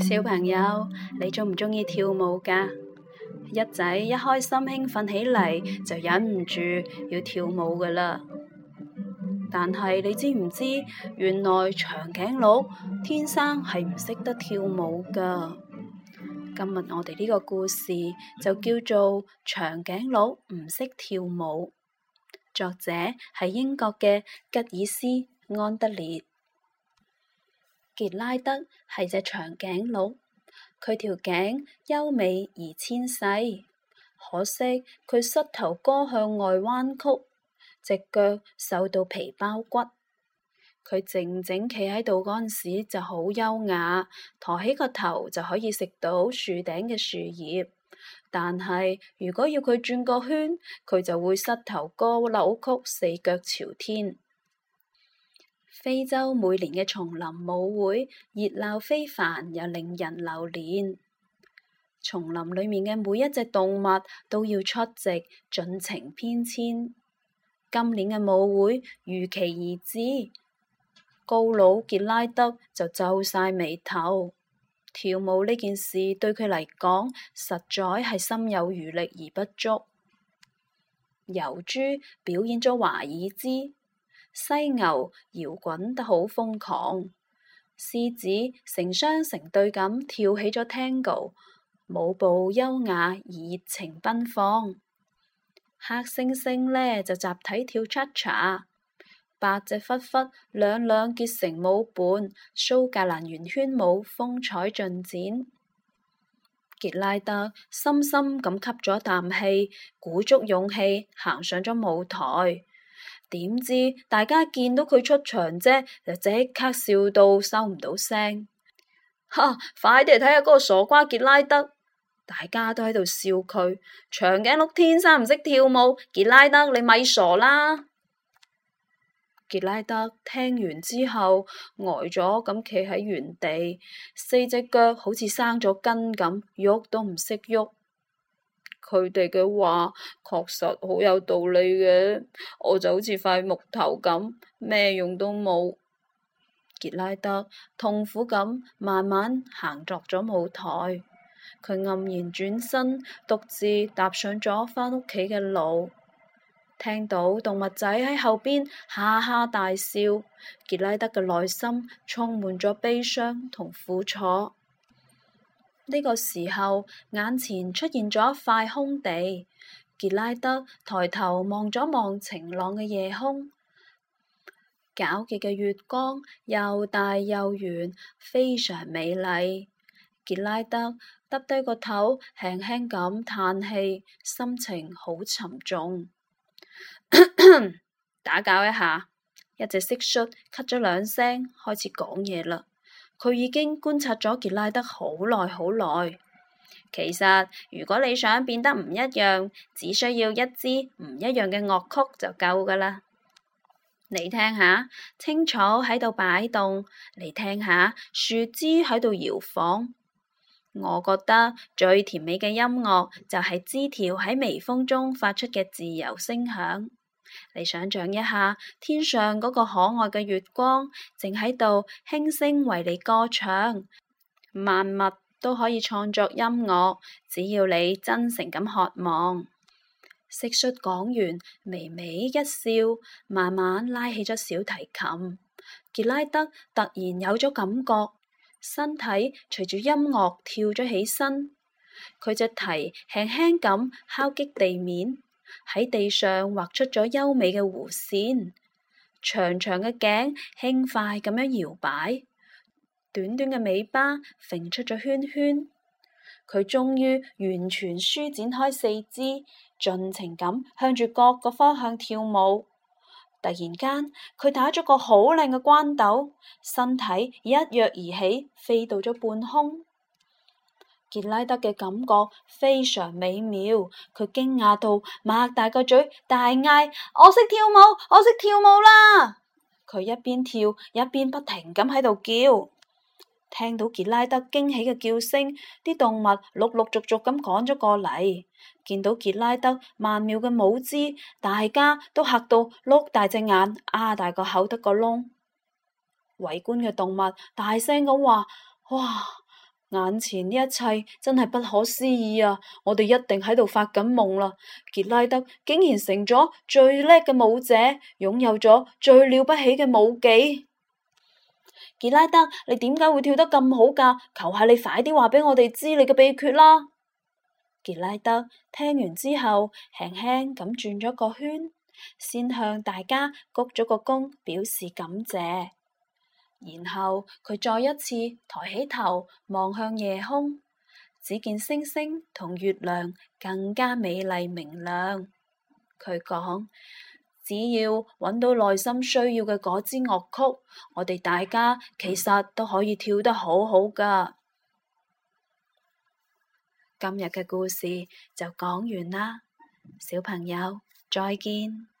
小朋友，你鍾唔鍾意跳舞噶？一仔一開心興奮起嚟，就忍唔住要跳舞噶啦。但係你知唔知，原來長頸鹿天生係唔識得跳舞噶。今日我哋呢個故事就叫做《長頸鹿唔識跳舞》，作者係英國嘅吉爾斯安德烈。傑拉德係隻長頸鹿，佢條頸優美而纖細，可惜佢膝頭哥向外彎曲，隻腳瘦到皮包骨。佢靜靜企喺度嗰陣時就好優雅，抬起個頭就可以食到樹頂嘅樹葉。但係如果要佢轉個圈，佢就會膝頭哥扭曲，四腳朝天。非洲每年嘅叢林舞會熱鬧非凡，又令人留戀。叢林裏面嘅每一隻動物都要出席，盡情編遷。今年嘅舞會，如期而至，高佬傑拉德就皺晒眉頭。跳舞呢件事對佢嚟講，實在係心有餘力而不足。疣豬表演咗華爾茲。犀牛搖滾得好瘋狂，獅子成雙成對咁跳起咗 tango，舞步優雅而熱情奔放。黑猩猩呢就集體跳 cha cha，八隻狒狒兩兩結成舞伴，蘇格蘭圓圈舞風采盡展。傑拉特深深咁吸咗啖氣，鼓足勇氣行上咗舞台。點知大家見到佢出場啫，就即刻笑到收唔到聲。哈！快啲嚟睇下嗰個傻瓜傑拉德，大家都喺度笑佢長頸鹿天生唔識跳舞。傑拉德，你咪傻啦！傑拉德聽完之後呆咗咁企喺原地，四隻腳好似生咗根咁，喐都唔識喐。佢哋嘅話確實好有道理嘅，我就好似塊木頭咁，咩用都冇。傑拉德痛苦咁慢慢行落咗舞台，佢黯然轉身，獨自踏上咗返屋企嘅路。聽到動物仔喺後邊哈哈大笑，傑拉德嘅內心充滿咗悲傷同苦楚。呢個時候，眼前出現咗一塊空地。傑拉德抬頭望咗望晴朗嘅夜空，皎潔嘅月光又大又圓，非常美麗。傑拉德耷低個頭，輕輕咁嘆氣，心情好沉重。 打攪一下，一隻蟋蟀咳咗兩聲，開始講嘢啦。佢已經觀察咗傑拉德好耐好耐。其實如果你想變得唔一樣，只需要一支唔一樣嘅樂曲就夠㗎喇。你聽下，青草喺度擺動，你聽下，樹枝喺度搖晃。我覺得最甜美嘅音樂就係枝條喺微風中發出嘅自由聲響。你想象一下，天上嗰個可愛嘅月光，正喺度輕聲為你歌唱，萬物都可以創作音樂，只要你真誠咁渴望。蟋蟀講完，微微一笑，慢慢拉起咗小提琴。杰拉德突然有咗感覺，身體隨住音樂跳咗起身，佢隻蹄輕輕咁敲擊地面。喺地上畫出咗優美嘅弧線，長長嘅頸輕快咁樣搖擺，短短嘅尾巴揈出咗圈圈。佢終於完全舒展開四肢，盡情咁向住各個方向跳舞。突然間，佢打咗個好靚嘅關斗，身體一躍而起，飛到咗半空。杰拉德嘅感覺非常美妙，佢驚訝到擘大個嘴，大嗌：我識跳舞，我識跳舞啦！佢一邊跳，一邊不停咁喺度叫。聽到杰拉德驚喜嘅叫聲，啲動物陸陸續續咁趕咗過嚟，見到杰拉德曼妙嘅舞姿，大家都嚇到碌大隻眼，啊大個口得個窿。圍觀嘅動物大聲咁話：哇！眼前呢一切真係不可思議啊！我哋一定喺度發緊夢啦！傑拉德竟然成咗最叻嘅舞者，擁有咗最了不起嘅舞技。傑拉德，你點解會跳得咁好噶？求下你快啲話俾我哋知你嘅秘訣啦！傑拉德聽完之後，輕輕咁轉咗個圈，先向大家鞠咗個躬，表示感謝。然後佢再一次抬起頭，望向夜空，只見星星同月亮更加美麗明亮。佢講：只要揾到內心需要嘅嗰支樂曲，我哋大家其實都可以跳得好好㗎。今日嘅故事就講完啦，小朋友，再見。